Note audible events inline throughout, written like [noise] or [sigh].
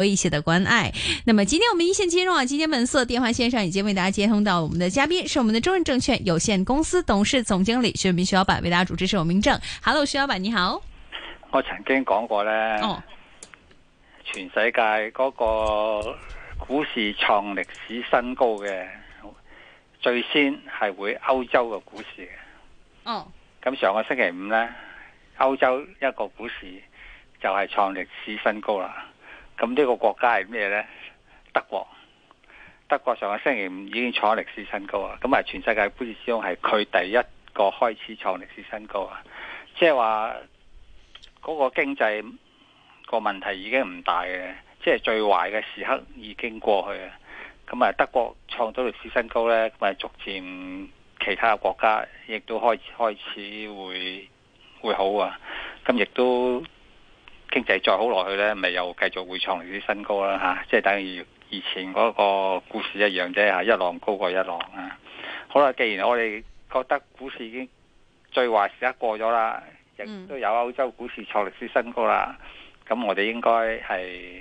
多一些的關愛。那麼今天我們一線金入啊，今天本色電話線上已經為大家接通到我們的嘉賓，是我們的中信證券有限公司董事總經理徐潤民徐老闆。為大家主持，是我明正。Hello，徐老闆你好。我曾經講過呢，哦、全世界嗰個股市創歷史新高嘅，最先係會歐洲嘅股市嘅。哦。咁上個星期五呢，歐洲一個股市就係創歷史新高啦。咁呢個國家係咩呢？德國，德國上個星期五已經創歷史新高啊！咁啊，全世界股市之中係佢第一個開始創歷史新高啊！即係話嗰個經濟個問題已經唔大嘅，即係最壞嘅時刻已經過去啊！咁啊，德國創咗歷史新高呢？咁啊逐漸其他國家亦都開始開始會會好啊！咁亦都。經濟再好落去呢，咪又繼續會創歷史新高啦吓、啊，即係等於以前嗰個股市一樣啫吓、啊，一浪高過一浪啊！好啦，既然我哋覺得股市已經最壞時刻已經過咗啦，亦都有歐洲股市創歷史新高啦，咁我哋應該係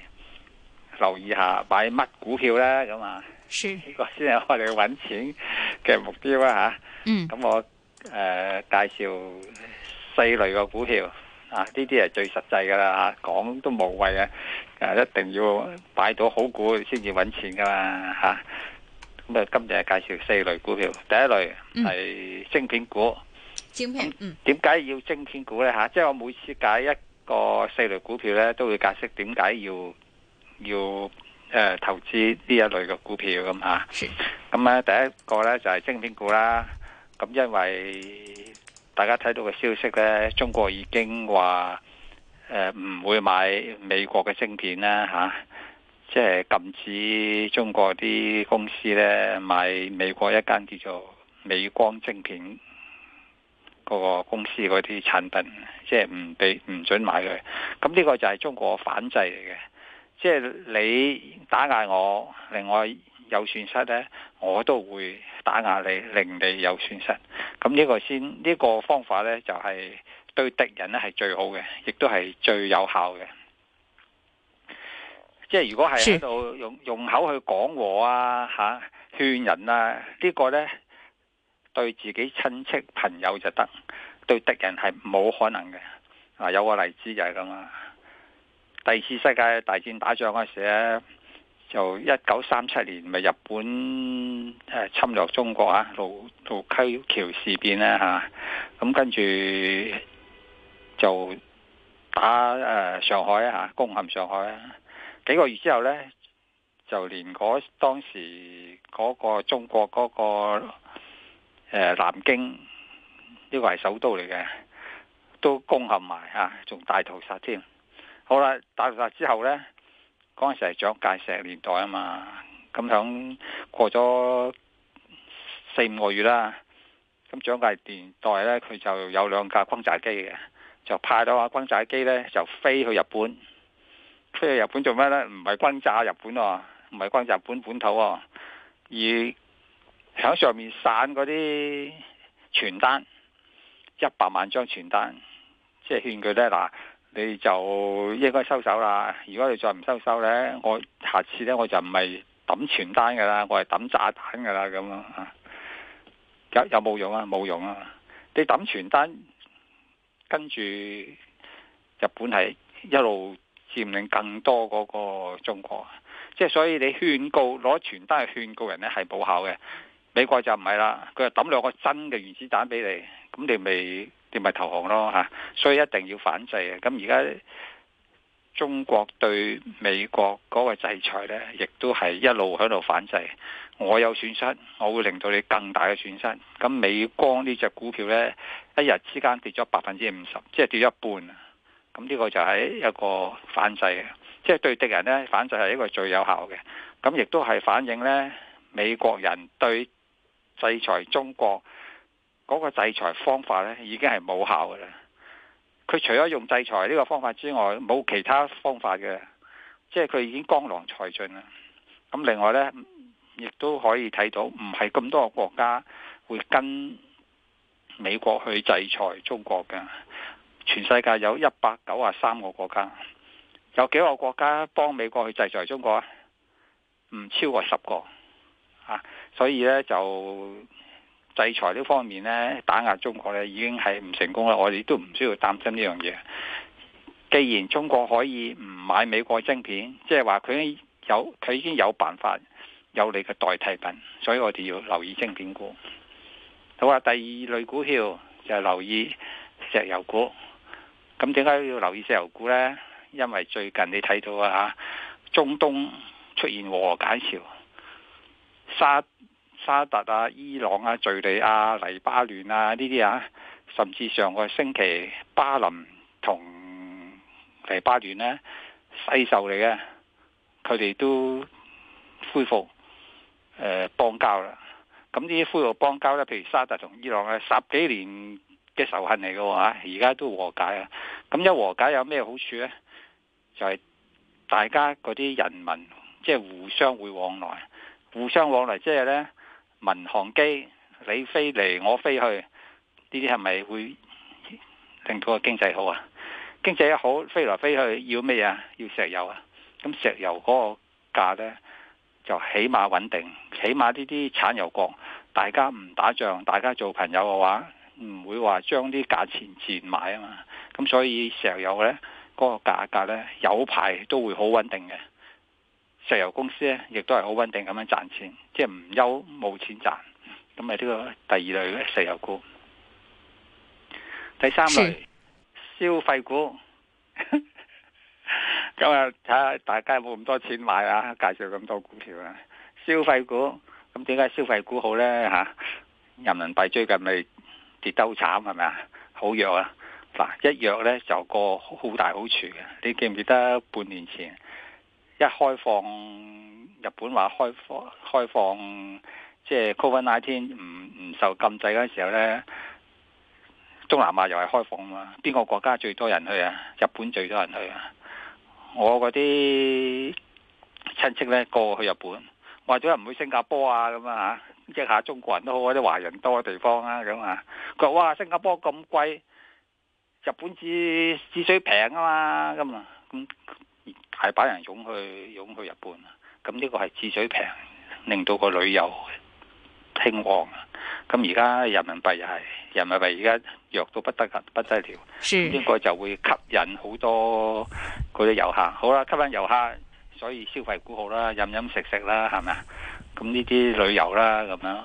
留意下買乜股票咧咁啊？呢個先係我哋揾錢嘅目標啦。吓、呃！咁我誒介紹四類嘅股票。啊！呢啲係最實際噶啦，講都無謂啊！啊，一定要擺到好股先至搵錢噶嘛吓。咁啊，今日介紹四類股票，第一類係晶片股。晶片嗯。點解要晶片股呢吓？即係我每次解一個四類股票呢，都會解釋點解要要誒投資呢一類嘅股票咁吓。咁啊，第一個呢就係晶片股啦。咁因為。大家睇到嘅消息呢，中國已經話誒唔會買美國嘅晶片啦嚇，即係禁止中國啲公司呢買美國一間叫做美光晶片嗰個公司嗰啲產品，即係唔俾，唔準買佢。咁呢個就係中國反制嚟嘅，即係你打壓我，另外。有損失呢，我都會打壓你，令你有損失。咁呢個先，呢個方法呢，就係對敵人咧係最好嘅，亦都係最有效嘅。即係如果係喺度用用口去講和啊嚇，勸人啊，呢個呢，對自己親戚朋友就得，對敵人係冇可能嘅。嗱，有個例子就係咁啊，第二次世界大戰打仗嗰時咧。就一九三七年咪日本侵略中國啊，盧盧溝橋事變咧吓，咁、啊、跟住就打誒上海啊，攻陷上海啊，幾個月之後咧，就連嗰、那個、當時嗰個中國嗰個誒南京呢、這個係首都嚟嘅，都攻陷埋啊，仲大屠殺添。好啦，大屠殺之後咧。嗰陣時係蔣介石年代啊嘛，咁響過咗四五個月啦，咁蔣介年代咧，佢就有兩架轟炸機嘅，就派咗架轟炸機咧，就飛去日本，飛去日本做咩咧？唔係轟炸日本喎、哦，唔係轟炸日本本土喎、哦，而響上面散嗰啲傳單，一百萬張傳單，即係勸佢咧嗱。你就應該收手啦！如果你再唔收手呢，我下次呢，我就唔係抌傳單嘅啦，我係抌炸彈嘅啦咁啊！有有冇用啊？冇用啊！你抌傳單，跟住日本係一路佔領更多嗰個中國，即係所以你勸告攞傳單去勸告人呢，係冇效嘅。美國就唔係啦，佢就抌兩個真嘅原子彈畀你。咁你咪，你咪投降咯嚇！所以一定要反制啊！咁而家中國對美國嗰個制裁呢，亦都係一路喺度反制。我有損失，我會令到你更大嘅損失。咁美光呢隻股票呢，一日之間跌咗百分之五十，即係跌一半。咁呢個就係一個反制嘅，即係對敵人呢，反制係一個最有效嘅。咁亦都係反映呢美國人對制裁中國。嗰個制裁方法咧已經係冇效嘅啦，佢除咗用制裁呢個方法之外，冇其他方法嘅，即係佢已經江郎才盡啦。咁另外呢，亦都可以睇到，唔係咁多個國家會跟美國去制裁中國嘅。全世界有一百九啊三個國家，有幾個國家幫美國去制裁中國啊？唔超過十個，所以呢，就。制裁呢方面呢，打壓中國呢已經係唔成功啦。我哋都唔需要擔心呢樣嘢。既然中國可以唔買美國晶片，即係話佢有佢已經有辦法有你嘅代替品，所以我哋要留意晶片股。好啊，第二類股票就係留意石油股。咁點解要留意石油股呢？因為最近你睇到啊，中東出現和解潮，沙。沙特啊、伊朗啊、敍利亞、黎巴嫩啊呢啲啊，甚至上個星期巴林同黎巴嫩呢，世仇嚟嘅，佢哋都恢復誒邦交啦。咁呢啲恢復邦交呢，譬如沙特同伊朗啊，十幾年嘅仇恨嚟嘅話，而家都和解啊。咁一和解有咩好處呢？就係、是、大家嗰啲人民即係互相會往來，互相往來即係呢。民航機你飛嚟我飛去，呢啲係咪會令到個經濟好啊？經濟一好，飛來飛去要咩啊？要石油啊！咁石油嗰個價呢就起碼穩定，起碼呢啲產油國大家唔打仗，大家做朋友嘅話，唔會話將啲價錢賤賣啊嘛。咁所以石油呢，嗰個價格呢，有排都會好穩定嘅。石油公司咧，亦都係好穩定咁樣賺錢，即係唔憂冇錢賺，咁係呢個第二類嘅石油股。第三類是消費股，咁啊睇下大家有冇咁多錢買啊？介紹咁多股票啊，消費股，咁點解消費股好呢？吓，人民幣最近咪跌得好慘，係咪啊？好弱啊！嗱，一弱呢就個好大好處嘅，你記唔記得半年前？一開放，日本話開放開放，即係 COVID-19 唔唔受禁制嗰陣時候呢，中南亞又係開放啊嘛！邊個國家最多人去啊？日本最多人去啊！我嗰啲親戚呢，個個去日本，話咗唔去新加坡啊咁啊嚇，一下中國人都好啊，啲華人多嘅地方啊咁啊！佢話哇，新加坡咁貴，日本至至最平啊嘛咁啊咁。大把人湧去湧去日本，咁呢個係治水平，令到個旅遊興旺。咁而家人民幣又係人民幣，而家弱到不得了不得了，得了應該就會吸引好多嗰啲遊客。好啦，吸引遊客，所以消費股好啦，飲飲食食啦，係咪啊？咁呢啲旅遊啦，咁樣。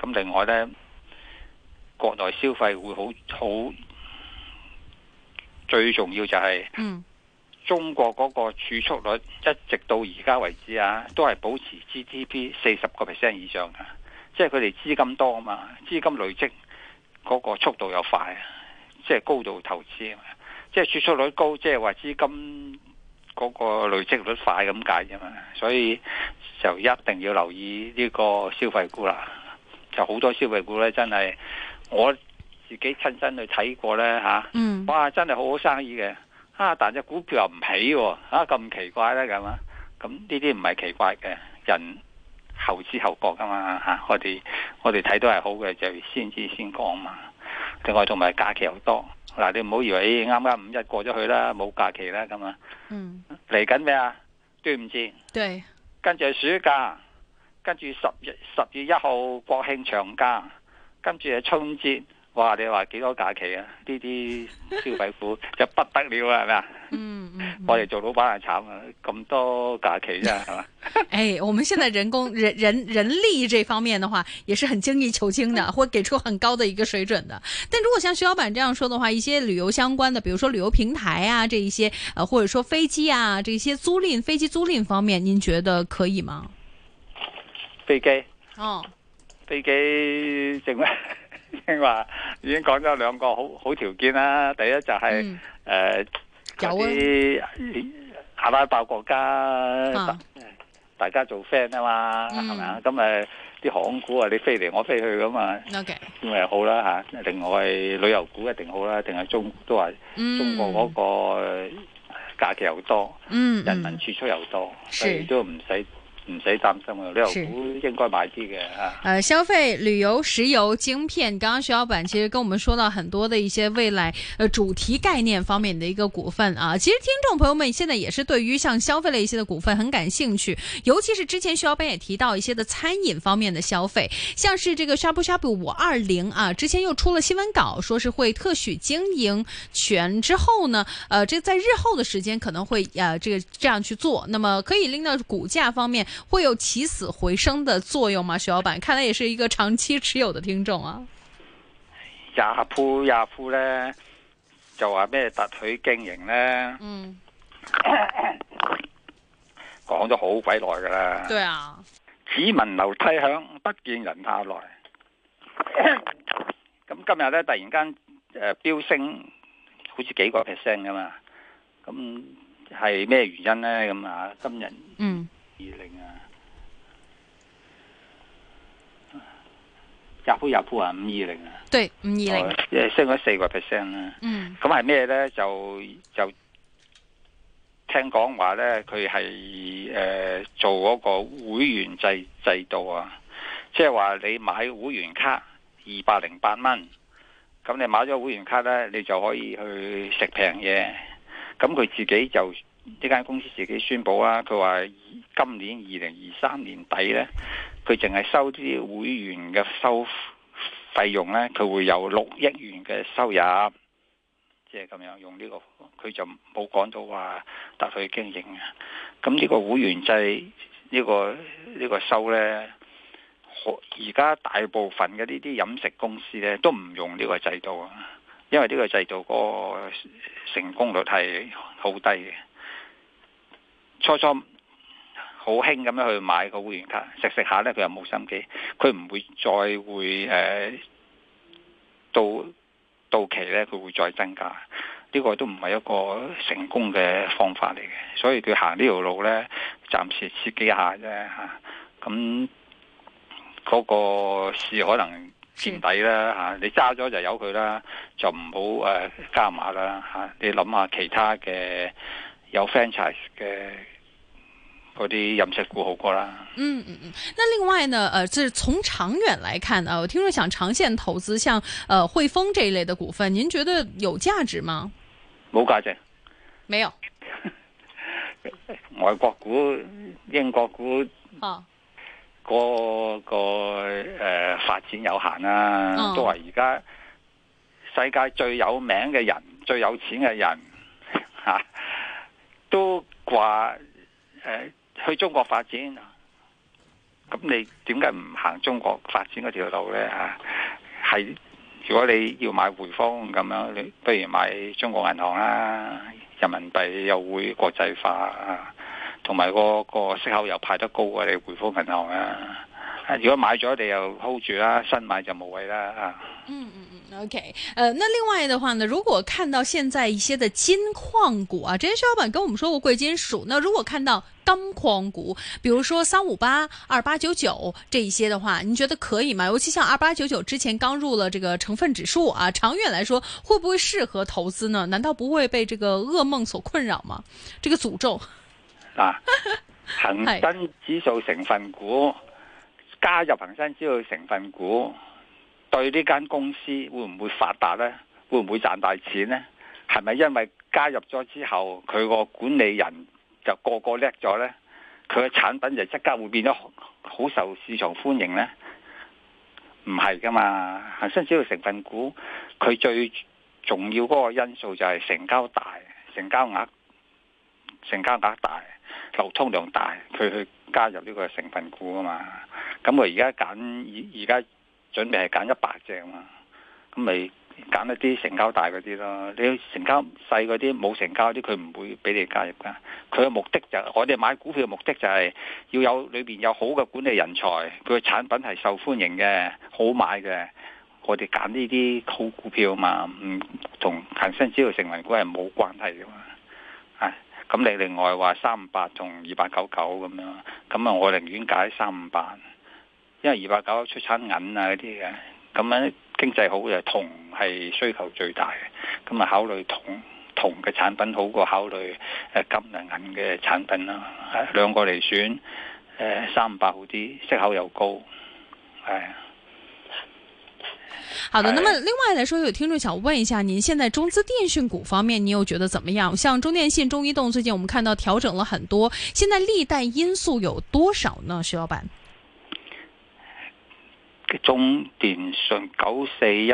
咁另外呢，國內消費會好好，最重要就係、是。嗯中國嗰個儲蓄率一直到而家為止啊，都係保持 GDP 四十個 percent 以上嘅，即係佢哋資金多啊嘛，資金累積嗰個速度又快，即係高度投資啊嘛，即係儲蓄率高，即係話資金嗰個累積率快咁解啫嘛，所以就一定要留意呢個消費股啦，就好多消費股咧真係我自己親身去睇過咧吓、啊，哇真係好好生意嘅。啊！但隻股票又唔起喎、啊，啊咁奇怪咧咁啊！咁呢啲唔係奇怪嘅，人後知後覺噶嘛嚇、啊，我哋我哋睇到係好嘅，就先知先講嘛。另外同埋假期又多，嗱、啊、你唔好以為啱啱、哎哎、五一過咗去啦，冇假期啦咁啊。嗯。嚟緊咩啊？端午節。對。對，跟住係暑假，跟住十月十月一號國慶長假，跟住係春節。哇！你話幾多假期啊？呢啲消費股就不得了啊，係咪啊？嗯 [laughs] 我哋做老闆係慘啊，咁多假期啫係係嘛。誒、哎，我們現在人工人人人力這方面的話，也是很精益求精的，會給出很高的一個水準的。但如果像徐老闆這樣說的話，一些旅遊相關的，比如說旅遊平台啊，這一些，呃，或者說飛機啊，這些租賃飛機租賃方面，您覺得可以嗎？飛機，哦，飛機，飛機整咩？即係話 [laughs] 已經講咗兩個好好條件啦，第一就係、是、誒，啲發達國家，大家做 friend 啊嘛，係咪啊？咁誒，啲航空股啊，你飛嚟我飛去咁啊，咁咪 Okay. 好啦吓、啊。另外旅遊股一定好啦，定係中都係中國嗰個假期又多，嗯嗯嗯、人民儲蓄又多，所以是都唔使。唔使擔心啊，呢個股應該買啲嘅啊，誒、呃，消費、旅遊、石油、晶片，剛剛徐老闆其實跟我們說到很多的一些未來誒、呃、主題概念方面的一個股份啊。其實聽眾朋友們現在也是對於像消費類一些的股份很感興趣，尤其是之前徐老闆也提到一些的餐飲方面的消費，像是這個呷哺呷 p 五二零啊，之前又出了新聞稿，說是會特許經營權之後呢，呃，這在日後的時間可能會呃，這個這樣去做，那麼可以拎到股價方面。會有起死回生的作用嗎？徐老闆，看來也是一個長期持有的聽眾啊。廿鋪廿鋪咧，就話咩特許經營咧。嗯。 [coughs] 講咗好鬼耐噶啦。對啊。只聞樓梯響，不見人下來。咁 [coughs] 今日咧突然間誒飆升，好似幾個 percent 噶嘛。咁係咩原因咧？咁啊今日。嗯。二零啊，入鋪入鋪啊，五二零啊，對五二零，即係升咗四個 percent 啦。嗯，咁係咩咧？就就聽講話咧，佢係誒做嗰個會員制制度啊，即係話你買會員卡二百零八蚊，咁你買咗會員卡咧，你就可以去食平嘢，咁佢自己就。呢間公司自己宣佈啊，佢話今年二零二三年底呢，佢淨係收啲會員嘅收費用呢，佢會有六億元嘅收入。即係咁樣用呢個，佢就冇講到話得佢去經營啊。咁呢個會員制呢個呢個收呢，而家大部分嘅呢啲飲食公司呢，都唔用呢個制度，啊，因為呢個制度個成功率係好低嘅。初初好興咁樣去買個會員卡，食食下呢，佢又冇心機，佢唔會再會誒、呃、到到期呢，佢會再增加，呢、這個都唔係一個成功嘅方法嚟嘅，所以佢行呢條路咧暫時刺激一下啫嚇，咁、啊、嗰個市可能見底啦嚇、啊，你揸咗就由佢啦，就唔好誒加碼啦嚇、啊，你諗下其他嘅。有 franchise 嘅嗰啲飲食股好過啦。嗯嗯嗯，那另外呢？誒、呃，就是從長遠來看啊、呃，我聽說想長線投資像，像、呃、誒匯豐這一類的股份，您覺得有價值嗎？冇價值，沒有。 [laughs] 外國股、英國股，嗰、啊那個誒、呃、發展有限啦、啊，啊、都係而家世界最有名嘅人、最有錢嘅人。都話誒、呃，去中國發展、啊，咁你點解唔行中國發展嗰條路呢？吓、啊，係如果你要買匯豐咁樣，你不如買中國銀行啦。人民幣又會國際化同、啊、埋、嗰個、嗰個息口又派得高啊，你匯豐銀行啊。如果買咗，你又 hold 住啦；新買就無謂啦。嗯嗯嗯，OK。呃，那另外的話呢？如果看到現在一些的金礦股啊，之前薛老闆跟我們說過貴金屬，那如果看到金礦股，比如說三五八、二八九九這一些的話，你覺得可以嗎？尤其像二八九九之前剛入了這個成分指數啊，長遠來說，會不會適合投資呢？難道不會被這個噩夢所困擾嗎？這個詛咒啊，恆生指數成分股。 [laughs] 加入恒生指數成分股，對呢間公司會唔會發達呢？會唔會賺大錢呢？係咪因為加入咗之後，佢個管理人就個個叻咗呢？佢嘅產品就即刻會變得好受市場歡迎呢？唔係噶嘛，恒生指數成分股，佢最重要嗰個因素就係成交大、成交額、成交額大、流通量大，佢去加入呢個成分股啊嘛。咁我而家揀而家準備係揀一百隻嘛，咁咪揀一啲成交大嗰啲咯。你成交細嗰啲冇成交啲，佢唔會俾你介入噶。佢嘅目的就係、我哋買股票嘅目的就係、係、要有裏邊有好嘅管理人才，佢嘅產品係受歡迎嘅，好買嘅。我哋揀呢啲好股票嘛，唔同恒生指數成分股係冇關係嘅嘛。係咁，你另外話三五八同二八九九咁樣，咁啊我寧願揀三五八。因為二百九出產銀啊嗰啲嘅，咁咧經濟好又銅係需求最大嘅，咁啊考慮銅銅嘅產品好過考慮誒金銀銀嘅產品啦、啊，兩是的 個嚟選誒三百好啲，息口又高，係、哎。好的，的那麼另外嚟講，有聽眾想問一下，您現在中資電訊股方面，你又覺得怎麼樣？像中電信、中移動最近我們看到調整了很多，現在利淡因素有多少呢？徐老闆？中電信九四一，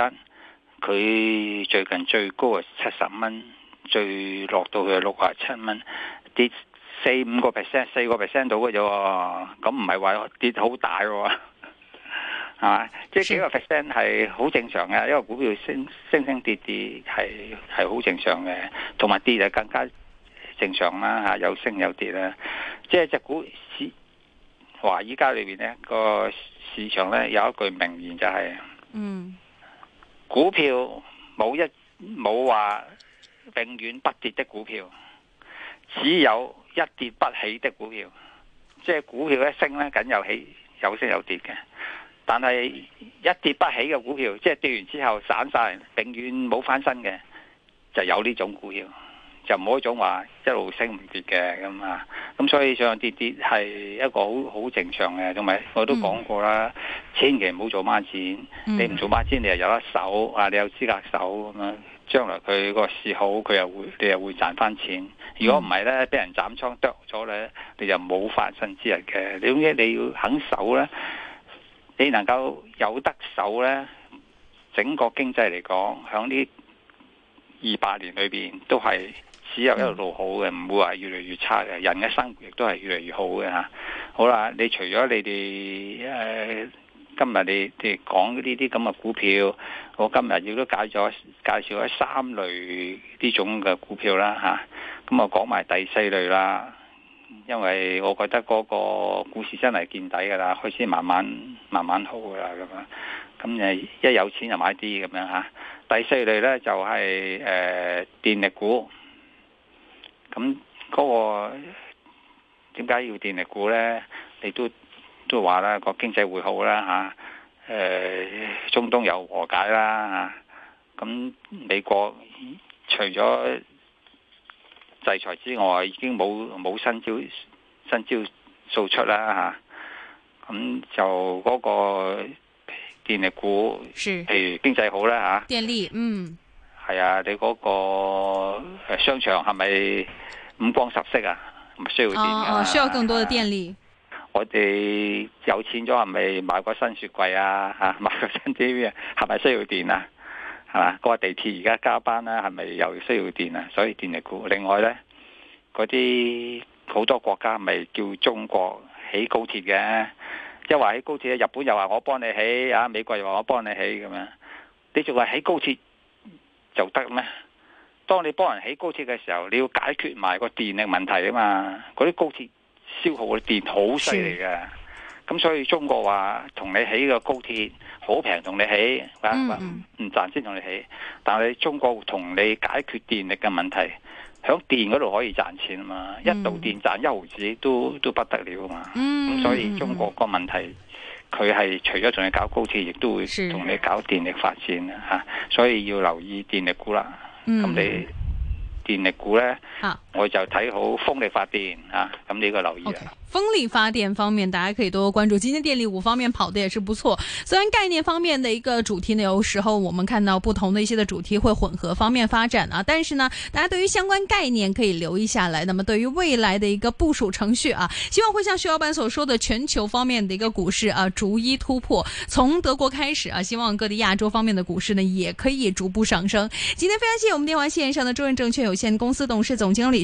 佢最近最高係七十蚊，最落到去六啊七蚊，跌四五個 percent，四個 percent 到嘅啫。咁唔係話跌好大喎，係嘛？即係幾個 percent 係好正常嘅，因為股票升升升跌跌係係好正常嘅，同埋跌就更加正常啦。吓，有升有跌啦，即係隻股市。華爾街裡面呢個市場呢，有一句名言就係、是，嗯、股票冇一冇話永遠不跌的股票，只有一跌不起的股票。即係股票一升呢，梗有起，有升有跌嘅。但係一跌不起嘅股票，即係跌完之後散晒，永遠冇翻身嘅，就有呢種股票。就唔好一種話一路升唔跌嘅咁啊，咁所以上上跌跌係一個好好正常嘅，同埋我都講過啦，嗯、千祈唔好做孖展。嗯、你唔做孖展，你又有得守啊！你有資格守咁啊，將來佢個市好，佢又會你又會賺翻錢。如果唔係咧，俾人斬倉剁咗咧，你就冇翻身之日嘅。你總之你要肯守咧，你能夠有得守咧，整個經濟嚟講，響呢二百年裏邊都係。只有一路好嘅，唔會話越嚟越差嘅。人嘅生活亦都係越嚟越好嘅吓。好啦，你除咗你哋誒、呃、今日你哋講呢啲咁嘅股票，我今日亦都介咗介紹咗三類呢種嘅股票啦吓。咁啊、嗯、講埋第四類啦，因為我覺得嗰個股市真係見底噶啦，開始慢慢慢慢好噶啦咁樣。咁誒，一有錢就買啲咁樣吓、啊。第四類呢、就係，就係誒電力股。咁嗰、嗯那個點解要電力股呢？你都都話啦，個經濟會好啦嚇，誒、啊呃，中東有和解啦嚇，咁、啊嗯、美國除咗制裁之外，已經冇冇新招新招掃出啦嚇，咁、啊啊嗯、就嗰個電力股譬是如經濟好啦嚇，啊、電力嗯。係啊，你嗰個商場係咪五光十色啊？唔需要電，需要更多嘅電力。我哋有錢咗，係咪買個新雪櫃啊？吓，買個新 TV 啊？係咪需要電啊？係嘛、oh, oh，個地鐵而家加班啦，啊，係咪又需要電啊？所以電力股。另外呢，嗰啲好多國家咪叫中國起高鐵嘅，即話喺高鐵，日本又話我幫你起，啊，美國又話我幫你起咁樣，你仲話喺高鐵？就得咩？當你幫人起高鐵嘅時候，你要解決埋個電力問題啊嘛！嗰啲高鐵消耗嘅電好犀利嘅，咁所以中國話同你起個高鐵好平，同你起唔唔賺先同你起，但係中國同你解決電力嘅問題，響電嗰度可以賺錢啊嘛！一度電賺一毫子都、嗯、都不得了啊嘛！咁、嗯嗯嗯、所以中國個問題。佢係除咗同你搞高鐵，亦都會同你搞電力發展是啊！所以要留意電力股啦。咁、嗯、你電力股咧嚇。啊我就睇好風力發電啊，咁呢個留意啊。Okay. 風力發電方面，大家可以多多關注。今天電力五方面跑得也是不錯，雖然概念方面的一個主題呢，有時候我們看到不同的一些的主題會混合方面發展啊。但是呢，大家對於相關概念可以留意下來。那麼對於未來的一個部署程序啊，希望會像徐老闆所說的，全球方面的一個股市啊，逐一突破，從德國開始啊，希望各地亞洲方面的股市呢，也可以逐步上升。今天非常謝謝我們電話線上的中原證券有限公司董事總經理，